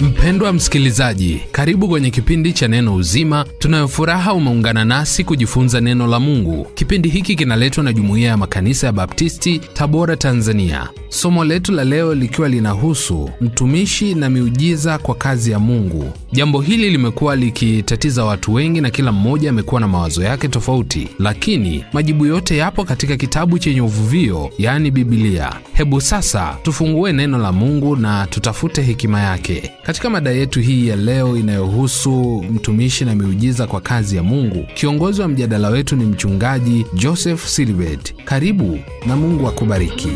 Mpendwa msikilizaji, karibu kwenye kipindi cha Neno Uzima. Tunayofuraha umeungana nasi kujifunza neno la Mungu. Kipindi hiki kinaletwa na Jumuiya ya Makanisa ya Baptisti, Tabora, Tanzania. Somo letu la leo likiwa linahusu mtumishi na miujiza kwa kazi ya Mungu. Jambo hili limekuwa likitatiza watu wengi na kila mmoja amekuwa na mawazo yake tofauti, lakini majibu yote yapo katika kitabu chenye uvuvio, yaani bibilia Hebu sasa tufungue neno la Mungu na tutafute hekima yake. Katika mada yetu hii ya leo inayohusu mtumishi na miujiza kwa kazi ya Mungu, kiongozi wa mjadala wetu ni mchungaji Joseph Silvet. Karibu na Mungu akubariki.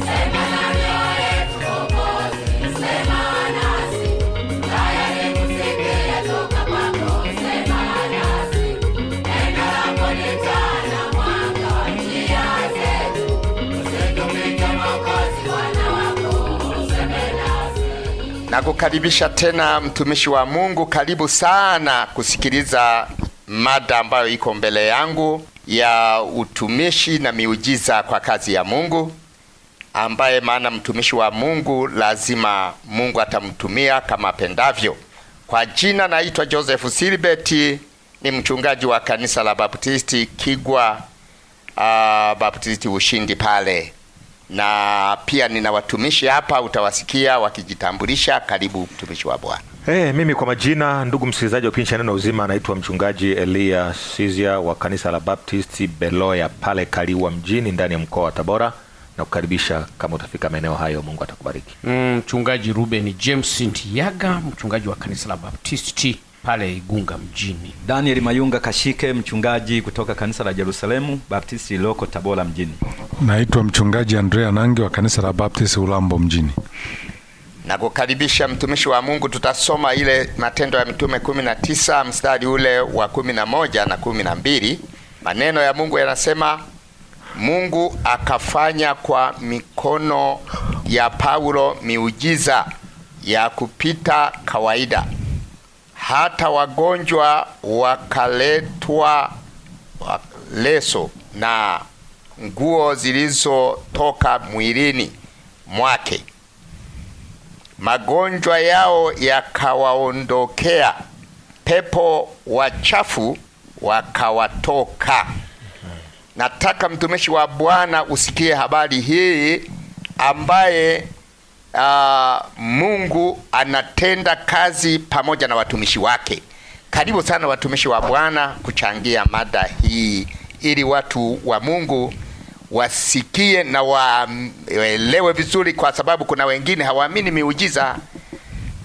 na kukaribisha tena mtumishi wa Mungu. Karibu sana kusikiliza mada ambayo iko mbele yangu ya utumishi na miujiza kwa kazi ya Mungu, ambaye maana mtumishi wa Mungu lazima Mungu atamtumia kama apendavyo. Kwa jina naitwa Joseph Silibeti, ni mchungaji wa kanisa la Baptisti Kigwa, uh, Baptisti Ushindi pale na pia nina watumishi hapa, utawasikia wakijitambulisha. Karibu mtumishi wa Bwana. Hey, eh, mimi kwa majina, ndugu msikilizaji wa kipindi cha Neno Uzima, anaitwa mchungaji Elia Sizia wa kanisa la Baptisti Beloya pale Kaliwa mjini ndani ya mkoa wa Tabora na kukaribisha kama utafika maeneo hayo, Mungu atakubariki. Mm, mchungaji mm, Ruben James Ntiyaga, mchungaji wa kanisa la Baptisti pale Igunga mjini. Daniel Mayunga Kashike, mchungaji kutoka kanisa la Jerusalemu Baptisti iliyoko Tabora mjini. Naitwa mchungaji Andrea Nangi wa kanisa la Baptist Ulambo mjini. Nakukaribisha mtumishi wa Mungu, tutasoma ile Matendo ya Mitume 19 mstari ule wa 11 na mbili Maneno ya Mungu yanasema, Mungu akafanya kwa mikono ya Paulo miujiza ya kupita kawaida, hata wagonjwa wakaletwa leso na nguo zilizotoka mwilini mwake, magonjwa yao yakawaondokea, pepo wachafu wakawatoka. Nataka mtumishi wa Bwana usikie habari hii ambaye uh, Mungu anatenda kazi pamoja na watumishi wake. Karibu sana watumishi wa Bwana kuchangia mada hii ili watu wa Mungu wasikie na waelewe vizuri, kwa sababu kuna wengine hawaamini miujiza.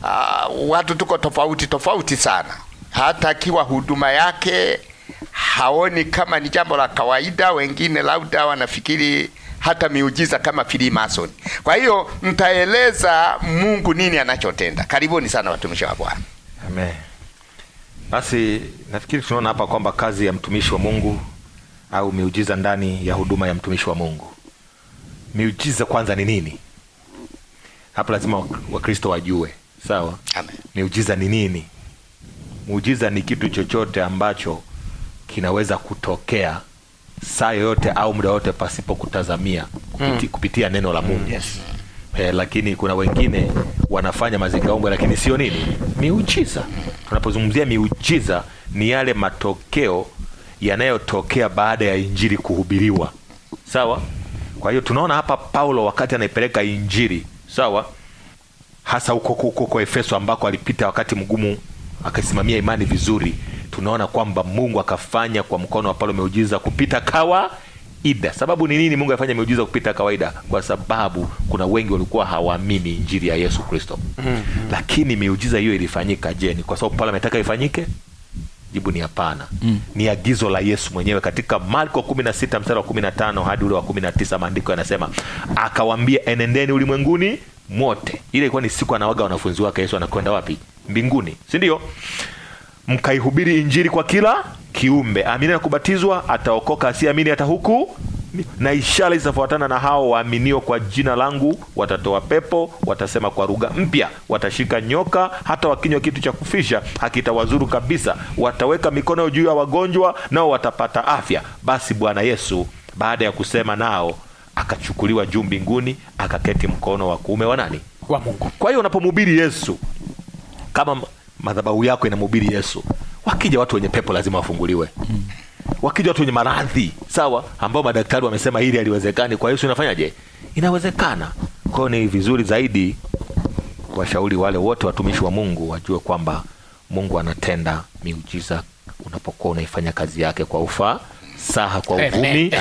Uh, watu tuko tofauti tofauti sana. Hata akiwa huduma yake haoni kama ni jambo la kawaida, wengine labda wanafikiri hata miujiza kama Freemason. Kwa hiyo mtaeleza Mungu nini anachotenda. Karibuni sana watumishi wa Bwana. Amen. Basi nafikiri tunaona hapa kwamba kazi ya mtumishi wa Mungu au miujiza ndani ya huduma ya mtumishi wa Mungu. Miujiza kwanza ni nini? Hapo lazima Wakristo wajue, sawa? Amen. Miujiza ni nini? Muujiza ni kitu chochote ambacho kinaweza kutokea saa yoyote au muda wote pasipo kutazamia kupitia, mm. kupitia neno la Mungu. Yes. Eh, lakini kuna wengine wanafanya mazingaombwe lakini sio nini miujiza. Hmm. Tunapozungumzia miujiza ni yale matokeo yanayotokea baada ya injili kuhubiriwa. Sawa. Kwa hiyo tunaona hapa Paulo wakati anaipeleka injili, sawa, hasa huko huko kwa Efeso ambako alipita wakati mgumu, akasimamia imani vizuri, tunaona kwamba Mungu akafanya kwa mkono wa Paulo miujiza kupita kawa Ida. Sababu ni nini Mungu afanye miujiza kupita kawaida? Kwa sababu kuna wengi walikuwa hawaamini injili ya Yesu Kristo. mm -hmm. Lakini miujiza hiyo ilifanyika. Je, ni kwa sababu Paulo ametaka ifanyike? Jibu ni hapana. Mm. Ni agizo la Yesu mwenyewe katika Marko 16 mstari wa 15 hadi ule wa 19, maandiko yanasema akawambia, enendeni ulimwenguni mote. Ile ilikuwa ni siku anawaga wanafunzi wake. Yesu anakwenda wapi? Mbinguni, si ndio? Mkaihubiri injili kwa kila kiumbe, amini na kubatizwa ataokoka, asiamini hata huku na ishara zitafuatana na hao waaminio, kwa jina langu watatoa pepo, watasema kwa lugha mpya, watashika nyoka, hata wakinywa kitu cha kufisha hakitawazuru kabisa, wataweka mikono juu ya wagonjwa, nao watapata afya. Basi Bwana Yesu baada ya kusema nao akachukuliwa juu mbinguni, akaketi mkono wa kuume wa nani? Wa Mungu. Kwa hiyo unapomhubiri Yesu, kama madhabahu yako inamhubiri Yesu, wakija watu wenye pepo lazima wafunguliwe, hmm. wakija watu wenye maradhi sawa, ambao madaktari wamesema hili haliwezekani. Kwa hiyo unafanyaje? Inawezekana. Kwa hiyo ni vizuri zaidi washauri wale wote watumishi wa Mungu wajue kwamba Mungu anatenda miujiza unapokuwa unaifanya kazi yake kwa saha kwa uvumi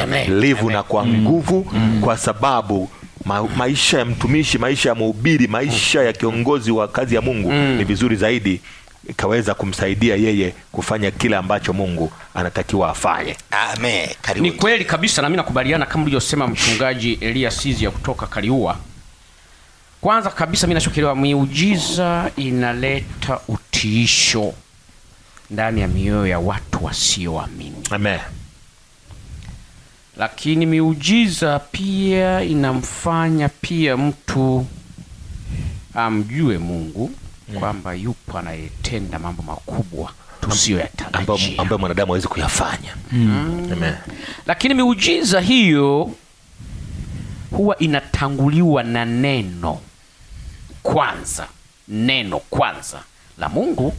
livu na kwa mm. nguvu, mm. kwa sababu ma maisha ya mtumishi, maisha ya mhubiri, maisha ya kiongozi wa kazi ya Mungu mm. ni vizuri zaidi ikaweza kumsaidia yeye kufanya kile ambacho Mungu anatakiwa afanye. Amen. Ni kweli kabisa na mimi nakubaliana kama ulivyosema mchungaji Elias Sizia kutoka Kaliua. Kwanza kabisa mimi nachokielewa miujiza inaleta utiisho ndani ya mioyo ya watu wasioamini. Amen. Lakini miujiza pia inamfanya pia mtu amjue Mungu mm. kwamba yupo anayetenda mambo makubwa tusiyoyatarajia ambayo mwanadamu hawezi kuyafanya mm. mm. Amen. Lakini miujiza hiyo huwa inatanguliwa na neno kwanza. Neno kwanza la Mungu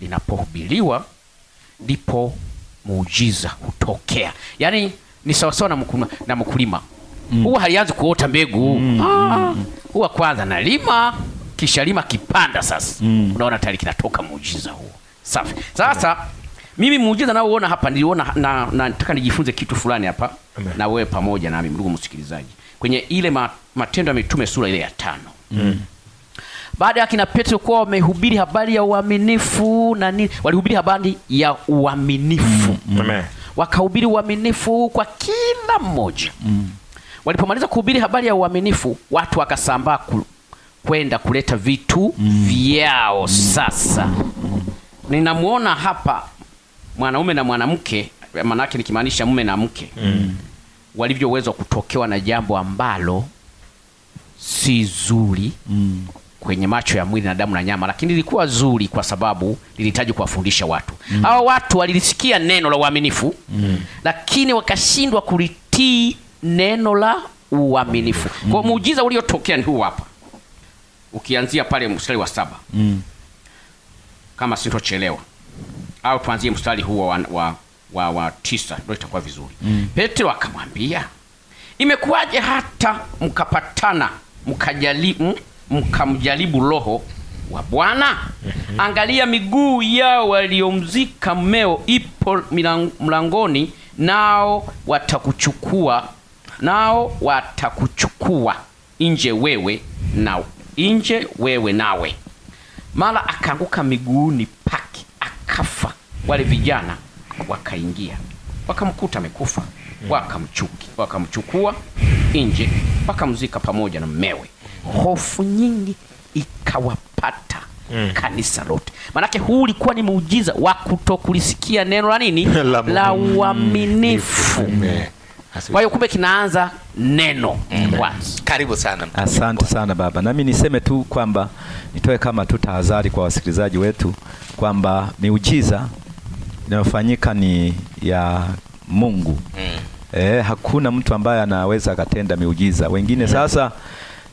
linapohubiliwa ndipo muujiza hutokea. Yaani ni sawasawa na mkulima, na mkulima. Mm. Huwa halianzi kuota mbegu mm. Ah, mm. huwa kwanza nalima kishalima kipanda sasa mm. unaona tayari kinatoka muujiza huo safi sasa yeah. mimi muujiza nao uona hapa niliona na, nataka na, nijifunze kitu fulani hapa Amen. na wewe pamoja nami ndugu msikilizaji kwenye ile ma, matendo ya mitume sura ile ya tano mm. baada ya kina petro kuwa wamehubiri habari ya uaminifu na nini walihubiri habari ya uaminifu mm. mm. Amen. wakahubiri uaminifu kwa kila mmoja mm walipomaliza kuhubiri habari ya uaminifu watu wakasambaa kwenda kuleta vitu vyao. Sasa ninamwona hapa mwanaume na mwanamke, maanake nikimaanisha mume na mke mm. walivyoweza kutokewa na jambo ambalo si zuri mm. kwenye macho ya mwili na damu na nyama, lakini lilikuwa zuri kwa sababu lilihitaji kuwafundisha watu mm. hawa watu walilisikia neno la uaminifu mm. lakini wakashindwa kulitii neno la uaminifu mm. kwa muujiza uliotokea ni huu hapa ukianzia pale mstari wa saba mm. kama sintochelewa au tuanzie mstari huo wa, wa, wa, wa tisa ndio itakuwa vizuri mm. Petro akamwambia imekuwaje hata mkapatana mkajali mkamjaribu roho wa Bwana? Mhm. Angalia, miguu yao waliomzika mmeo ipo mlangoni, nao watakuchukua nao watakuchukua nje wewe na nje, wewe nawe. Mara akaanguka miguuni pake akafa. Wale vijana wakaingia wakamkuta amekufa, wakamchuki wakamchukua nje, wakamzika pamoja na mmewe. Hofu nyingi ikawapata Mm. Kanisa lote maanake, huu ulikuwa ni muujiza wa kutokulisikia neno la nini la uaminifu. Kwa hiyo kumbe kinaanza neno kwanza. Karibu sana. Asante sana baba, nami niseme tu kwamba nitoe kama tu tahadhari kwa wasikilizaji wetu kwamba miujiza inayofanyika ni ya Mungu mm. Eh, hakuna mtu ambaye anaweza akatenda miujiza wengine mm. Sasa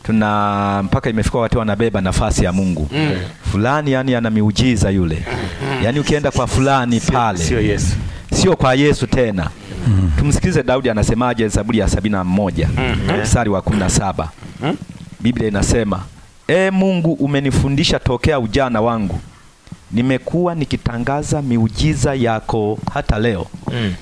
tuna mpaka imefika watu wanabeba nafasi ya Mungu mm. Fulani yani ana miujiza yule mm. Yani ukienda kwa fulani pale sio, Yesu, sio kwa Yesu tena mm. Tumsikize Daudi anasemaje Zaburi ya sabini na moja mhm. mstari mm. wa kumi na saba mm. Biblia inasema E Mungu umenifundisha tokea ujana wangu nimekuwa nikitangaza miujiza yako hata leo. Mm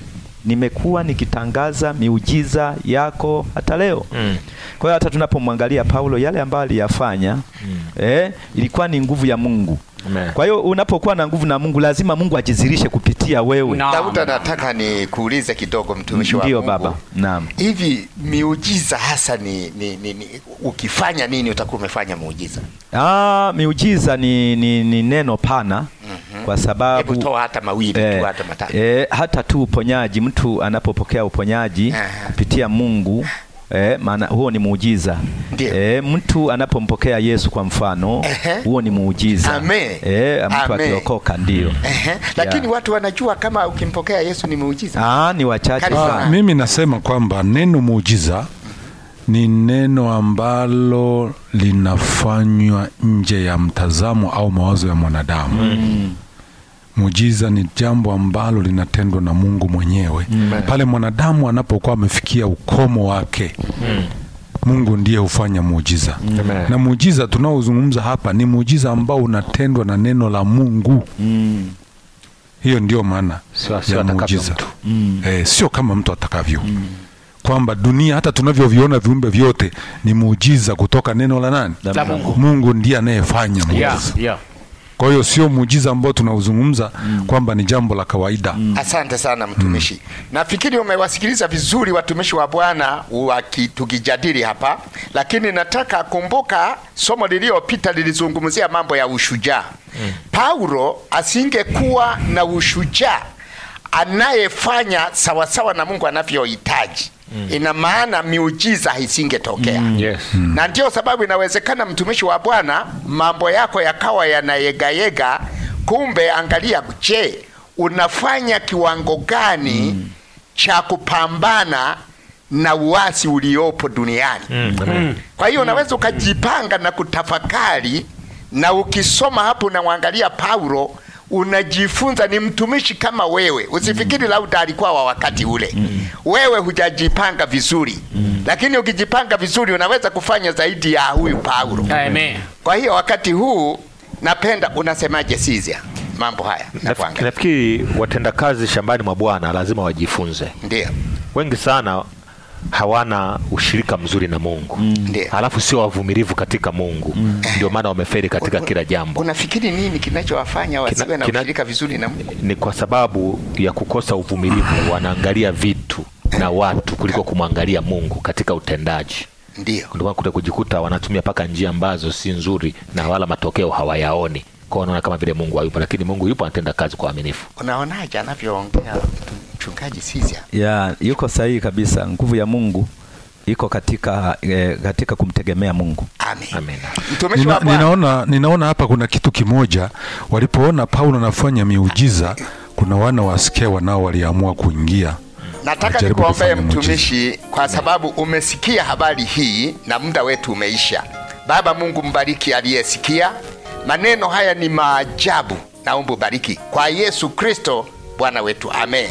nimekuwa nikitangaza miujiza yako hata leo mm. Kwa hiyo hata tunapomwangalia Paulo yale ambayo aliyafanya mm. eh, ilikuwa ni nguvu ya Mungu. Amen. Kwa hiyo unapokuwa na nguvu na Mungu lazima Mungu ajizirishe kupitia wewe. Daudi anataka kuulize kidogo mtumishi wa Mungu. Ndio baba. Naam. Hivi miujiza hasa ni, ni, ni, ni ukifanya nini utakuwa umefanya muujiza? Ah, miujiza ni, ni, ni neno pana mm kwa sababu hebu toa hata mawili eh, tu hata matatu eh, hata tu uponyaji, mtu anapopokea uponyaji Aha. Eh. kupitia Mungu Eh, maana huo ni muujiza. Eh, mtu anapompokea Yesu kwa mfano huo ni muujiza. Amen. Eh, mtu akiokoka ndio. Lakini watu wanajua kama ukimpokea Yesu ni muujiza. Ah, ni wachache sana. Mimi nasema kwamba neno muujiza ni neno ambalo linafanywa nje ya mtazamo au mawazo ya mwanadamu. Mm. Muujiza ni jambo ambalo linatendwa na Mungu mwenyewe Amen. Pale mwanadamu anapokuwa amefikia ukomo wake Amen. Hmm. Mungu ndiye hufanya muujiza Amen. Na muujiza tunaozungumza hapa ni muujiza ambao unatendwa na neno la Mungu Amen. Hmm. Hiyo ndio maana ya muujiza E, sio kama mtu atakavyo mm. kwamba dunia hata tunavyoviona viumbe vyote ni muujiza kutoka neno la nani? La Mungu. Mungu ndiye anayefanya muujiza. Yeah, yeah. Kwa hiyo sio muujiza ambao tunauzungumza mm. kwamba ni jambo la kawaida mm. Asante sana mtumishi mm. Nafikiri umewasikiliza vizuri watumishi wa Bwana wakitukijadili hapa, lakini nataka kumbuka somo liliyopita lilizungumzia mambo ya ushujaa mm. Paulo asingekuwa na ushujaa anayefanya sawasawa na Mungu anavyohitaji mm. Ina maana miujiza isingetokea mm. yes. mm. na ndiyo sababu inawezekana mtumishi wa Bwana mambo yako yakawa yanayegayega, kumbe angalia, je, unafanya kiwango gani mm. cha kupambana na uasi uliopo duniani mm. Mm. mm. Kwa hiyo unaweza ukajipanga na kutafakari, na ukisoma hapo unamwangalia Paulo unajifunza, ni mtumishi kama wewe. Usifikiri mm. labda alikuwa wa wakati ule mm. wewe hujajipanga vizuri mm. lakini ukijipanga vizuri unaweza kufanya zaidi ya huyu Paulo. Amen. Kwa hiyo wakati huu napenda unasemaje, Sizia? Mambo haya nafikiri watendakazi shambani mwa Bwana lazima wajifunze. Ndio wengi sana hawana ushirika mzuri na Mungu mm. Alafu sio wavumilivu katika Mungu mm. Ndio maana wamefeli katika kila jambo. Unafikiri nini kinachowafanya wasiwe na kina, ushirika vizuri na Mungu? Ni kwa sababu ya kukosa uvumilivu, ah. wanaangalia vitu na eh. watu kuliko kumwangalia Mungu katika utendaji. Ndio ndio kuta kujikuta wanatumia paka njia ambazo si nzuri na wala matokeo hawayaoni, kwa wanaona kama vile Mungu hayupo, lakini Mungu yupo, anatenda kazi kwa uaminifu. Unaonaje anavyoongea mchungaji Sizia. Yeah, yuko sahihi kabisa. Nguvu ya Mungu iko katika eh, katika kumtegemea Mungu. Amen. Amen. Nina, ninaona ninaona hapa kuna kitu kimoja walipoona Paulo anafanya miujiza, kuna wana wa Skewa nao waliamua kuingia. Nataka nikuombee mtumishi, kwa mm. sababu umesikia habari hii na muda wetu umeisha. Baba Mungu, mbariki aliyesikia maneno haya, ni maajabu. Naomba ubariki kwa Yesu Kristo Bwana wetu, amen.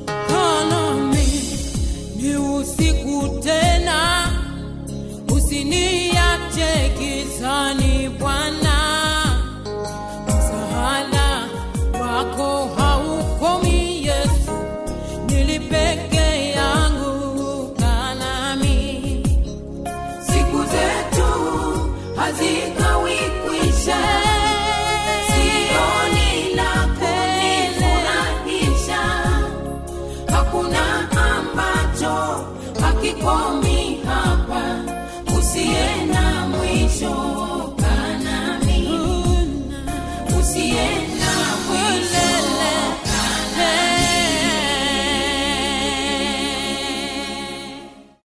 parasita.